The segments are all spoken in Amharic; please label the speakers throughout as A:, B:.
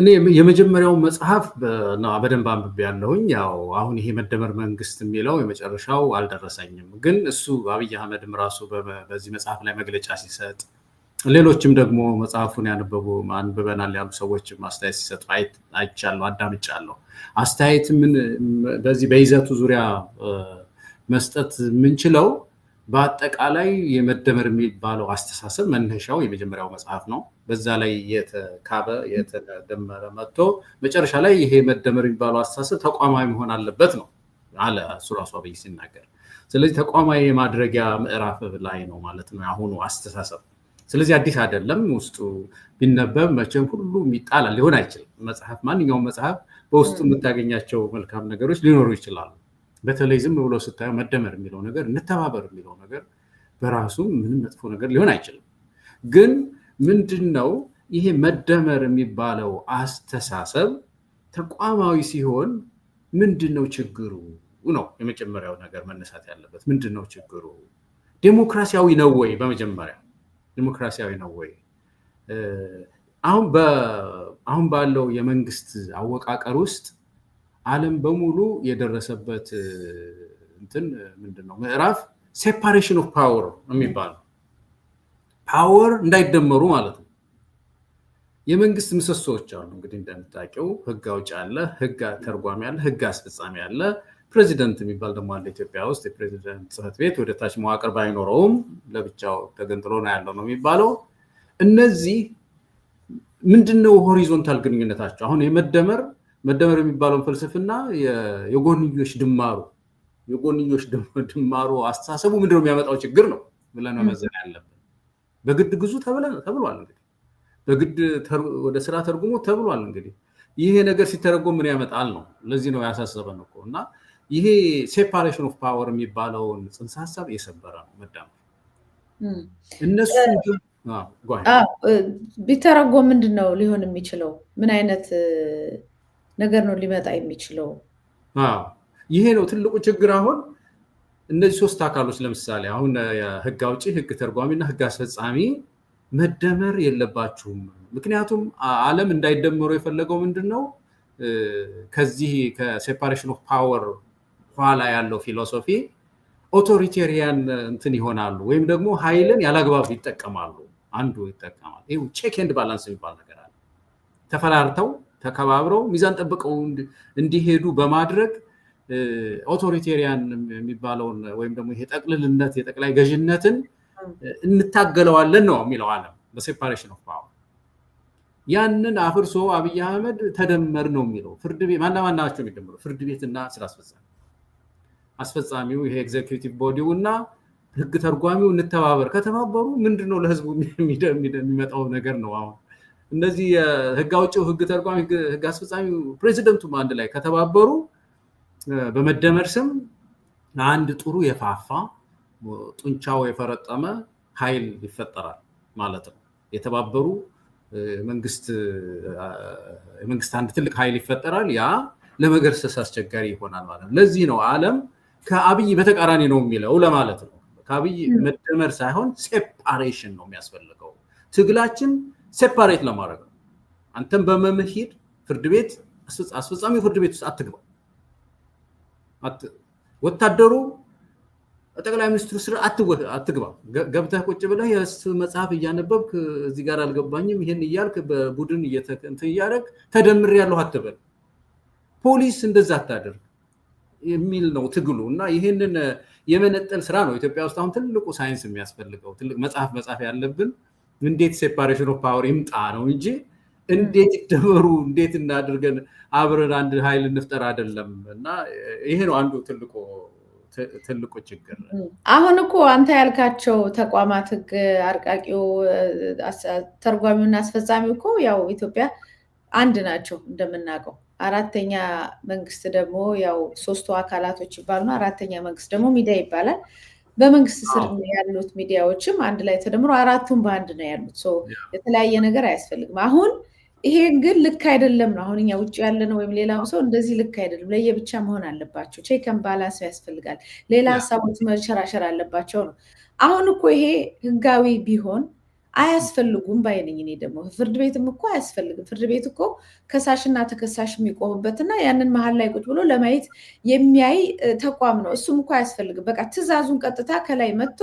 A: እኔ የመጀመሪያው መጽሐፍ በደንብ አንብቤ ያለሁኝ። ያው አሁን ይሄ መደመር መንግስት የሚለው የመጨረሻው አልደረሰኝም፣ ግን እሱ አብይ አህመድም ራሱ በዚህ መጽሐፍ ላይ መግለጫ ሲሰጥ፣ ሌሎችም ደግሞ መጽሐፉን ያነበቡ አንብበናል ያሉ ሰዎች አስተያየት ሲሰጡ አይቻለሁ፣ አዳምጫለሁ። አስተያየት ምን በዚህ በይዘቱ ዙሪያ መስጠት የምንችለው በአጠቃላይ የመደመር የሚባለው አስተሳሰብ መነሻው የመጀመሪያው መጽሐፍ ነው። በዛ ላይ የተካበ የተደመረ መጥቶ መጨረሻ ላይ ይሄ መደመር የሚባለው አስተሳሰብ ተቋማዊ መሆን አለበት ነው አለ እሱ ራሱ አብይ ሲናገር። ስለዚህ ተቋማዊ የማድረጊያ ምዕራፍ ላይ ነው ማለት ነው የአሁኑ አስተሳሰብ። ስለዚህ አዲስ አይደለም። ውስጡ ቢነበብ መቼም ሁሉም ይጣላል ሊሆን አይችልም። መጽሐፍ ማንኛውም መጽሐፍ በውስጡ የምታገኛቸው መልካም ነገሮች ሊኖሩ ይችላሉ። በተለይ ዝም ብሎ ስታየው መደመር የሚለው ነገር እንተባበር የሚለው ነገር በራሱ ምንም መጥፎ ነገር ሊሆን አይችልም። ግን ምንድን ነው ይሄ መደመር የሚባለው አስተሳሰብ ተቋማዊ ሲሆን ምንድን ነው ችግሩ ነው የመጀመሪያው ነገር መነሳት ያለበት። ምንድን ነው ችግሩ? ዴሞክራሲያዊ ነው ወይ? በመጀመሪያ ዴሞክራሲያዊ ነው ወይ? አሁን ባለው የመንግስት አወቃቀር ውስጥ ዓለም በሙሉ የደረሰበት እንትን ምንድን ነው ምዕራፍ ሴፓሬሽን ኦፍ ፓወር የሚባለው ፓወር እንዳይደመሩ ማለት ነው። የመንግስት ምሰሶዎች አሉ እንግዲህ እንደምታውቂው ህግ አውጭ አለ፣ ህግ ተርጓሚ አለ፣ ህግ አስፈጻሚ አለ። ፕሬዚደንት የሚባል ደግሞ አለ ኢትዮጵያ ውስጥ። የፕሬዚደንት ጽህፈት ቤት ወደ ታች መዋቅር ባይኖረውም ለብቻው ተገንጥሎ ነው ያለው ነው የሚባለው። እነዚህ ምንድነው ሆሪዞንታል ግንኙነታቸው አሁን የመደመር መደመር የሚባለውን ፍልስፍና የጎንዮሽ ድማሩ የጎንዮሽ ድማሩ አስተሳሰቡ ምንድነው የሚያመጣው ችግር ነው ብለን መመዘን ያለብን። በግድ ግዙ ተብሏል እንግዲህ በግድ ወደ ስራ ተርጉሞ ተብሏል እንግዲህ ይሄ ነገር ሲተረጎም ምን ያመጣል ነው። ለዚህ ነው ያሳሰበን እኮ እና ይሄ ሴፓሬሽን ኦፍ ፓወር የሚባለውን ጽንሰ ሀሳብ የሰበረ ነው መዳመር
B: እነሱ ምንድን ነው ሊሆን የሚችለው ምን አይነት ነገር ነው ሊመጣ የሚችለው።
A: ይሄ ነው ትልቁ ችግር። አሁን እነዚህ ሶስት አካሎች ለምሳሌ አሁን ህግ አውጪ፣ ህግ እና ህግ አስፈጻሚ መደመር የለባችሁም። ምክንያቱም ዓለም እንዳይደመሩ የፈለገው ምንድን ነው? ከዚህ ከሴፓሬሽን ኦፍ ፓወር ኋላ ያለው ፊሎሶፊ ኦቶሪቴሪያን እንትን ይሆናሉ ወይም ደግሞ ኃይልን ያላግባብ ይጠቀማሉ። አንዱ ይጠቀማል። ቼክ ኤንድ ባላንስ የሚባል ነገር አለ። ተፈራርተው ተከባብረው ሚዛን ጠብቀው እንዲሄዱ በማድረግ ኦቶሪቴሪያን የሚባለውን ወይም ደግሞ ይሄ ጠቅልልነት የጠቅላይ ገዥነትን እንታገለዋለን ነው የሚለው ዓለም በሴፓሬሽን ኦፍ ፓወር ያንን አፍርሶ አብይ አህመድ ተደመር ነው የሚለው ፍርድ ቤት ማና ማና ናቸው የሚደምሩ ፍርድ እና ስራ አስፈጻሚ አስፈጻሚው ይሄ ኤግዜኪቲቭ ቦዲው እና ህግ ተርጓሚው እንተባበር ከተባበሩ ምንድነው ለህዝቡ የሚመጣው ነገር ነው አሁን እነዚህ የህግ አውጪው፣ ህግ ተርጓሚ፣ ህግ አስፈጻሚ ፕሬዚደንቱም አንድ ላይ ከተባበሩ በመደመር ስም አንድ ጥሩ የፋፋ ጡንቻው የፈረጠመ ኃይል ይፈጠራል ማለት ነው። የተባበሩ የመንግስት አንድ ትልቅ ኃይል ይፈጠራል። ያ ለመገርሰስ አስቸጋሪ ይሆናል ማለት ነው። ለዚህ ነው ዓለም ከአብይ በተቃራኒ ነው የሚለው ለማለት ነው። ከአብይ መደመር ሳይሆን ሴፓሬሽን ነው የሚያስፈልገው ትግላችን ሴፓሬት ለማድረግ ነው። አንተም በመምሄድ ፍርድ ቤት አስፈጻሚ ፍርድ ቤት ውስጥ አትግባ። ወታደሩ ጠቅላይ ሚኒስትሩ ስር አትግባ። ገብተህ ቁጭ ብለህ የእሱ መጽሐፍ እያነበብክ እዚህ ጋር አልገባኝም ይህን እያልክ በቡድን እንትን እያደረግ ተደምር ያለሁ አትበል። ፖሊስ እንደዛ አታደርግ የሚል ነው ትግሉ እና ይህንን የመነጠል ስራ ነው ኢትዮጵያ ውስጥ አሁን ትልቁ ሳይንስ የሚያስፈልገው ትልቅ መጽሐፍ መጽሐፍ ያለብን እንዴት ሴፓሬሽን ኦፍ ፓወር ይምጣ ነው እንጂ እንዴት ይደበሩ እንዴት እናድርገን አብረን አንድ ሀይል እንፍጠር አይደለም። እና ይሄ ነው አንዱ ትልቁ ትልቁ ችግር።
B: አሁን እኮ አንተ ያልካቸው ተቋማት ህግ አርቃቂው፣ ተርጓሚውና አስፈጻሚው እኮ ያው ኢትዮጵያ አንድ ናቸው እንደምናውቀው። አራተኛ መንግስት ደግሞ ያው ሶስቱ አካላቶች ነው። አራተኛ መንግስት ደግሞ ሚዲያ ይባላል። በመንግስት ስር ያሉት ሚዲያዎችም አንድ ላይ ተደምሮ አራቱም በአንድ ነው ያሉት። የተለያየ ነገር አያስፈልግም። አሁን ይሄ ግን ልክ አይደለም ነው። አሁን እኛ ውጭ ያለ ነው ወይም ሌላም ሰው እንደዚህ ልክ አይደለም፣ ለየብቻ መሆን አለባቸው። ቼከን ባላንስ ያስፈልጋል። ሌላ ሀሳቦች መሸራሸር አለባቸው ነው። አሁን እኮ ይሄ ህጋዊ ቢሆን አያስፈልጉም ባይነኝ። እኔ ደግሞ ፍርድ ቤትም እኮ አያስፈልግም። ፍርድ ቤት እኮ ከሳሽና ተከሳሽ የሚቆምበትና ያንን መሀል ላይ ቁጭ ብሎ ለማየት የሚያይ ተቋም ነው። እሱም እኮ አያስፈልግም። በቃ ትዕዛዙን ቀጥታ ከላይ መጥቶ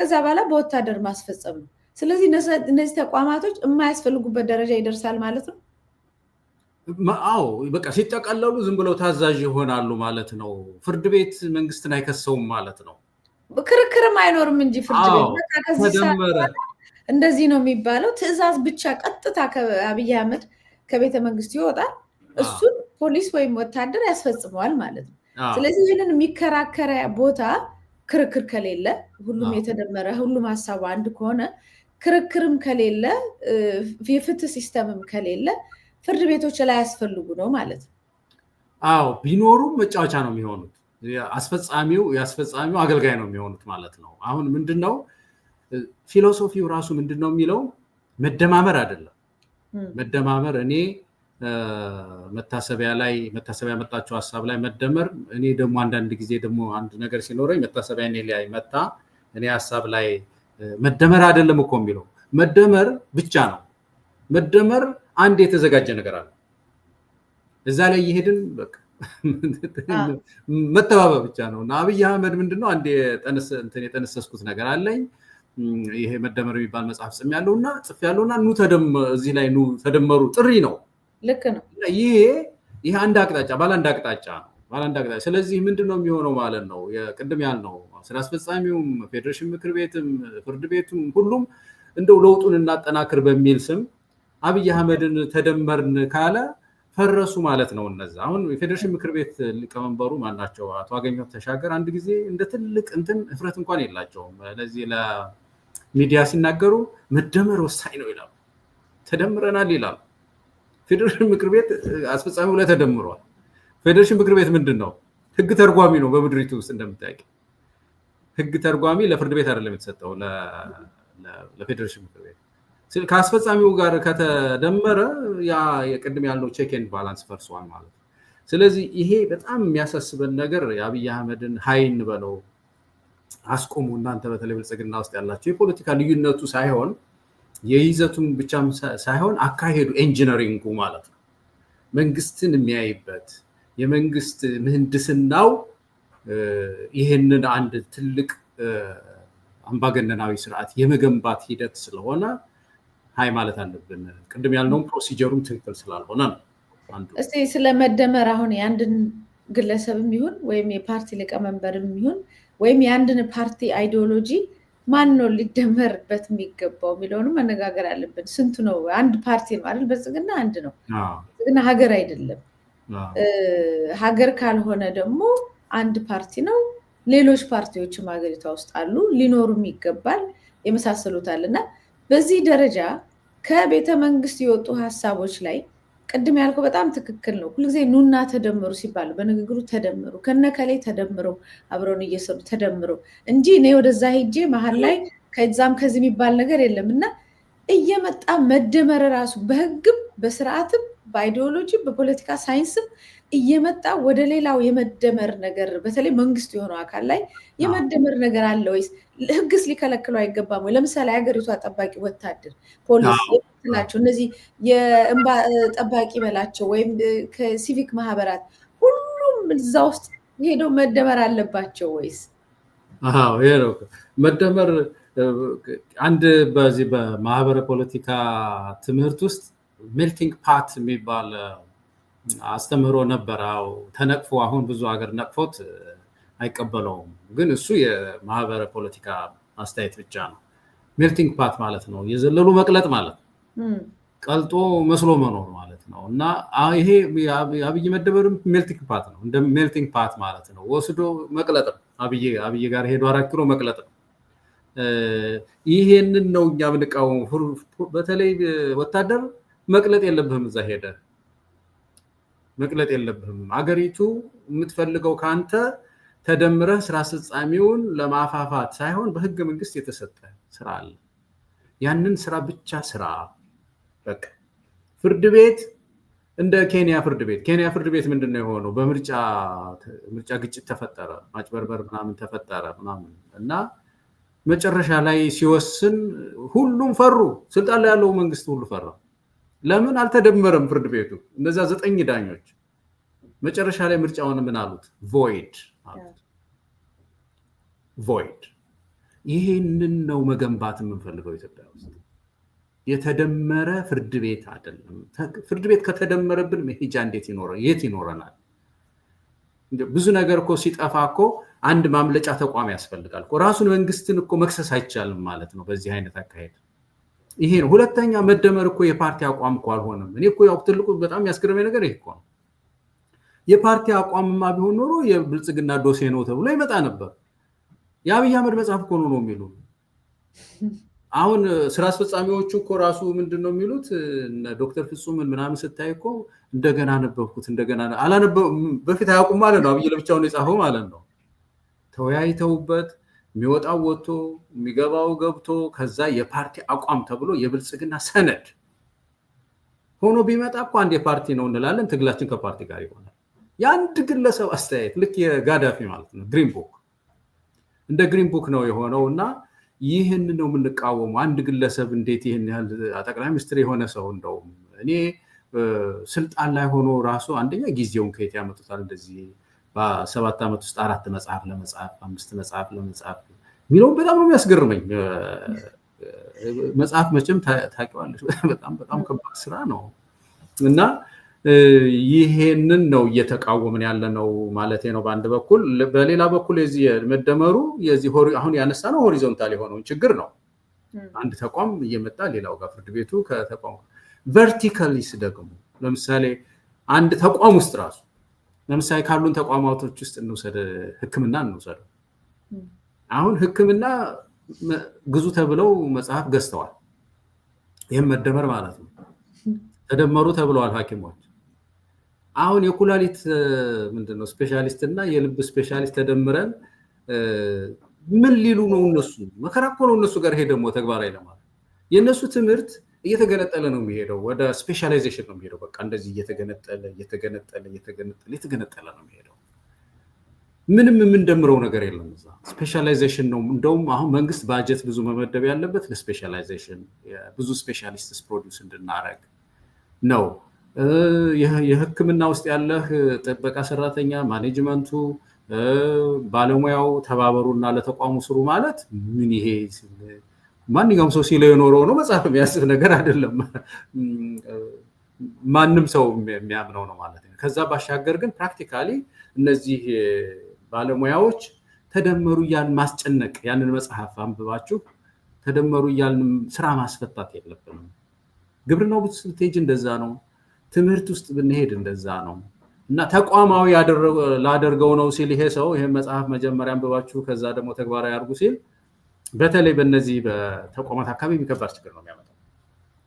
B: ከዛ በኋላ በወታደር ማስፈጸም ነው። ስለዚህ እነዚህ ተቋማቶች የማያስፈልጉበት ደረጃ ይደርሳል ማለት ነው።
A: አዎ በቃ ሲጠቀለሉ ዝም ብለው ታዛዥ ይሆናሉ ማለት ነው። ፍርድ ቤት መንግስትን አይከሰውም ማለት ነው።
B: ክርክርም አይኖርም እንጂ ፍርድ ቤት እንደዚህ ነው የሚባለው። ትዕዛዝ ብቻ ቀጥታ ከአብይ አህመድ ከቤተ መንግስት ይወጣል። እሱን ፖሊስ ወይም ወታደር ያስፈጽመዋል ማለት ነው። ስለዚህ ይህንን የሚከራከረ ቦታ ክርክር ከሌለ ሁሉም የተደመረ ሁሉም ሀሳቡ አንድ ከሆነ ክርክርም ከሌለ የፍትህ ሲስተምም ከሌለ ፍርድ ቤቶች ላይ ያስፈልጉ ነው ማለት ነው።
A: አዎ ቢኖሩም መጫወቻ ነው የሚሆኑት። አስፈጻሚው የአስፈጻሚው አገልጋይ ነው የሚሆኑት ማለት ነው። አሁን ምንድን ነው ፊሎሶፊው ራሱ ምንድን ነው የሚለው? መደማመር አይደለም። መደማመር እኔ መታሰቢያ ላይ መታሰቢያ መጣቸው ሀሳብ ላይ መደመር እኔ ደግሞ አንዳንድ ጊዜ ደግሞ አንድ ነገር ሲኖረኝ መታሰቢያ እኔ ላይ መጣ እኔ ሀሳብ ላይ መደመር አይደለም እኮ የሚለው መደመር ብቻ ነው። መደመር አንድ የተዘጋጀ ነገር አለ። እዛ ላይ እየሄድን መተባበር ብቻ ነው እና አብይ አህመድ ምንድነው ነው አንድ የጠነሰስኩት ነገር አለኝ ይሄ መደመር የሚባል መጽሐፍ ጽም ያለው ጽፍ ያለውና ኑ እዚህ ላይ ኑ ተደመሩ ጥሪ ነው። ልክ ነው። ይሄ ይህ አንድ አቅጣጫ ባለ አንድ አቅጣጫ ባለ አንድ አቅጣጫ። ስለዚህ ምንድን ነው የሚሆነው ማለት ነው ቅድም ያልነው ስራ አስፈጻሚውም፣ ፌዴሬሽን ምክር ቤትም፣ ፍርድ ቤቱም ሁሉም እንደው ለውጡን እናጠናክር በሚል ስም አብይ አህመድን ተደመርን ካለ ፈረሱ ማለት ነው። እነዛ አሁን የፌዴሬሽን ምክር ቤት ሊቀመንበሩ ማናቸው አቶ አገኘሁ ተሻገር አንድ ጊዜ እንደ ትልቅ እንትን እፍረት እንኳን የላቸውም ለዚህ ሚዲያ ሲናገሩ መደመር ወሳኝ ነው ይላሉ። ተደምረናል ይላሉ። ፌዴሬሽን ምክር ቤት አስፈጻሚው ላይ ተደምሯል። ፌዴሬሽን ምክር ቤት ምንድን ነው? ህግ ተርጓሚ ነው። በምድሪቱ ውስጥ እንደምታውቂ ህግ ተርጓሚ ለፍርድ ቤት አይደለም የተሰጠው ለፌዴሬሽን ምክር ቤት ከአስፈጻሚው ጋር ከተደመረ ያ የቅድም ቼክ ቼክን ባላንስ ፈርሷል ማለት ነው። ስለዚህ ይሄ በጣም የሚያሳስበን ነገር የአብይ አህመድን ሀይን እንበለው አስቆሙ። እናንተ በተለይ ብልጽግና ውስጥ ያላቸው የፖለቲካ ልዩነቱ ሳይሆን የይዘቱን ብቻም ሳይሆን አካሄዱ ኢንጂነሪንጉ ማለት ነው። መንግስትን የሚያይበት የመንግስት ምህንድስናው ይህንን አንድ ትልቅ አምባገነናዊ ስርዓት የመገንባት ሂደት ስለሆነ ሀይ ማለት አለብን። ቅድም ያልነውም ፕሮሲጀሩም ትክክል ስላልሆነ
B: ነው። እስቲ ስለመደመር አሁን የአንድን ግለሰብም ይሁን ወይም የፓርቲ ሊቀመንበርም ይሁን ወይም የአንድን ፓርቲ አይዲዮሎጂ ማን ነው ሊደመርበት የሚገባው የሚለውንም መነጋገር አለብን። ስንቱ ነው? አንድ ፓርቲ ነው አይደል? ብልጽግና አንድ ነው። ብልጽግና ሀገር አይደለም። ሀገር ካልሆነ ደግሞ አንድ ፓርቲ ነው። ሌሎች ፓርቲዎችም ሀገሪቷ ውስጥ አሉ፣ ሊኖሩም ይገባል፣ የመሳሰሉታል እና በዚህ ደረጃ ከቤተ መንግስት የወጡ ሀሳቦች ላይ ቅድም ያልኩ በጣም ትክክል ነው። ሁልጊዜ ኑና ተደምሩ ሲባሉ በንግግሩ ተደምሩ ከነከሌ ተደምረው አብረውን እየሰሩ ተደምረው እንጂ እኔ ወደዛ ሄጄ መሀል ላይ ከዛም ከዚህ የሚባል ነገር የለም እና እየመጣ መደመር ራሱ በህግም በስርዓትም በአይዲዮሎጂም በፖለቲካ ሳይንስም እየመጣ ወደ ሌላው የመደመር ነገር በተለይ መንግስት የሆነው አካል ላይ የመደመር ነገር አለ ወይስ ህግስ ሊከለክሉ አይገባም ወይ? ለምሳሌ ሀገሪቷ ጠባቂ ወታደር ፖሊስ ናቸው። እነዚህ የእንባ ጠባቂ በላቸው ወይም ከሲቪክ ማህበራት ሁሉም እዛ ውስጥ ሄደው መደመር አለባቸው ወይስ?
A: ይሄ ነው መደመር። አንድ በዚህ በማህበረ ፖለቲካ ትምህርት ውስጥ ሜልቲንግ ፓት የሚባል አስተምህሮ ነበረው ተነቅፎ አሁን ብዙ ሀገር ነቅፎት አይቀበለውም። ግን እሱ የማህበረ ፖለቲካ አስተያየት ብቻ ነው። ሜልቲንግ ፓት ማለት ነው የዘለሉ መቅለጥ ማለት ነው፣ ቀልጦ መስሎ መኖር ማለት ነው። እና ይሄ አብይ መደመር ሜልቲንግ ፓት ነው፣ እንደ ሜልቲንግ ፓት ማለት ነው። ወስዶ መቅለጥ ነው። አብይ ጋር ሄዶ አራት ኪሎ መቅለጥ ነው። ይሄንን ነው እኛ ምንቃወሙ። በተለይ ወታደር መቅለጥ የለብህም እዛ ሄደ መቅለጥ የለብህም። አገሪቱ የምትፈልገው ከአንተ ተደምረህ ስራ አስፈጻሚውን ለማፋፋት ሳይሆን በህገ መንግስት የተሰጠ ስራ አለ። ያንን ስራ ብቻ ስራ። በቃ ፍርድ ቤት እንደ ኬንያ ፍርድ ቤት ኬንያ ፍርድ ቤት ምንድን ነው የሆነው? በምርጫ ምርጫ ግጭት ተፈጠረ፣ ማጭበርበር ምናምን ተፈጠረ ምናምን እና መጨረሻ ላይ ሲወስን ሁሉም ፈሩ። ስልጣን ላይ ያለው መንግስት ሁሉ ፈራ። ለምን አልተደመረም? ፍርድ ቤቱ እነዚያ ዘጠኝ ዳኞች መጨረሻ ላይ ምርጫውን ምን አሉት? ቮይድ አሉት። ቮይድ። ይህንን ነው መገንባት የምንፈልገው ኢትዮጵያ ውስጥ። የተደመረ ፍርድ ቤት አይደለም። ፍርድ ቤት ከተደመረብን መሄጃ እንዴት የት ይኖረናል? ብዙ ነገር እኮ ሲጠፋ እኮ አንድ ማምለጫ ተቋም ያስፈልጋል። ራሱን መንግስትን እኮ መክሰስ አይቻልም ማለት ነው በዚህ አይነት አካሄድ ይሄ ነው። ሁለተኛ መደመር እኮ የፓርቲ አቋም እኮ አልሆነም። እኔ እኮ ያው ትልቁ በጣም የሚያስገርመኝ ነገር ይሄ እኮ ነው። የፓርቲ አቋምማ ቢሆን ኖሮ የብልጽግና ዶሴ ነው ተብሎ ይመጣ ነበር። የአብይ አህመድ መጽሐፍ እኮ ነው ነው የሚሉ አሁን ስራ አስፈጻሚዎቹ እኮ ራሱ ምንድን ነው የሚሉት? ዶክተር ፍጹምን ምናምን ስታይ እኮ እንደገና ነበብኩት እንደገና አላነበ በፊት አያውቁም ማለት ነው። አብይ ለብቻውን የጻፈው ማለት ነው። ተወያይተውበት የሚወጣው ወጥቶ የሚገባው ገብቶ ከዛ የፓርቲ አቋም ተብሎ የብልጽግና ሰነድ ሆኖ ቢመጣ እኮ አንድ የፓርቲ ነው እንላለን። ትግላችን ከፓርቲ ጋር ይሆናል። የአንድ ግለሰብ አስተያየት ልክ የጋዳፊ ማለት ነው ግሪን ቡክ እንደ ግሪን ቡክ ነው የሆነው እና ይህን ነው የምንቃወሙ። አንድ ግለሰብ እንዴት ይህን ያህል ጠቅላይ ሚኒስትር የሆነ ሰው እንደውም እኔ ስልጣን ላይ ሆኖ ራሱ አንደኛ ጊዜውን ከየት ያመጡታል እንደዚህ በሰባት ዓመት ውስጥ አራት መጽሐፍ ለመጽሐፍ አምስት መጽሐፍ ለመጽሐፍ የሚለውን በጣም ነው የሚያስገርመኝ። መጽሐፍ መቼም ታውቂዋለች፣ በጣም በጣም ከባድ ስራ ነው እና ይሄንን ነው እየተቃወምን ያለ ነው ማለት ነው በአንድ በኩል። በሌላ በኩል የዚህ መደመሩ የዚህ አሁን ያነሳ ነው ሆሪዞንታል የሆነውን ችግር ነው። አንድ ተቋም እየመጣ ሌላው ጋር ፍርድ ቤቱ ከተቋም ቨርቲካሊስ ደግሞ ለምሳሌ አንድ ተቋም ውስጥ ራሱ ለምሳሌ ካሉን ተቋማቶች ውስጥ እንውሰድ፣ ህክምና እንውሰደው። አሁን ህክምና ግዙ ተብለው መጽሐፍ ገዝተዋል። ይህም መደመር ማለት ነው። ተደመሩ ተብለዋል ሐኪሞች አሁን የኩላሊት ምንድነው ስፔሻሊስት እና የልብ ስፔሻሊስት ተደምረን ምን ሊሉ ነው? እነሱ መከራ እኮ ነው እነሱ ጋር ሄ ደግሞ ተግባራዊ ለማለት የእነሱ ትምህርት እየተገነጠለ ነው የሚሄደው። ወደ ስፔሻላይዜሽን ነው የሚሄደው። በቃ እንደዚህ እየተገነጠለ እየተገነጠለ እየተገነጠለ እየተገነጠለ ነው የሚሄደው። ምንም የምንደምረው ነገር የለም እዛ ስፔሻላይዜሽን ነው። እንደውም አሁን መንግስት ባጀት ብዙ መመደብ ያለበት ለስፔሻላይዜሽን ብዙ ስፔሻሊስትስ ፕሮዲውስ እንድናረግ ነው። የህክምና ውስጥ ያለህ ጥበቃ ሰራተኛ፣ ማኔጅመንቱ፣ ባለሙያው ተባበሩና ለተቋሙ ስሩ ማለት ምን ይሄ ማንኛውም ሰው ሲለው የኖረው ነው። መጽሐፍ የሚያስብ ነገር አይደለም። ማንም ሰው የሚያምነው ነው ማለት ነው። ከዛ ባሻገር ግን ፕራክቲካሊ እነዚህ ባለሙያዎች ተደመሩ እያልን ማስጨነቅ ያንን መጽሐፍ አንብባችሁ ተደመሩ እያልን ስራ ማስፈታት የለብንም። ግብርናው ብትሄጅ እንደዛ ነው። ትምህርት ውስጥ ብንሄድ እንደዛ ነው። እና ተቋማዊ ላደርገው ነው ሲል ይሄ ሰው ይህን መጽሐፍ መጀመሪያ አንብባችሁ ከዛ ደግሞ ተግባራዊ አድርጉ ሲል በተለይ በነዚህ በተቋማት አካባቢ የሚከባድ ችግር ነው የሚያመ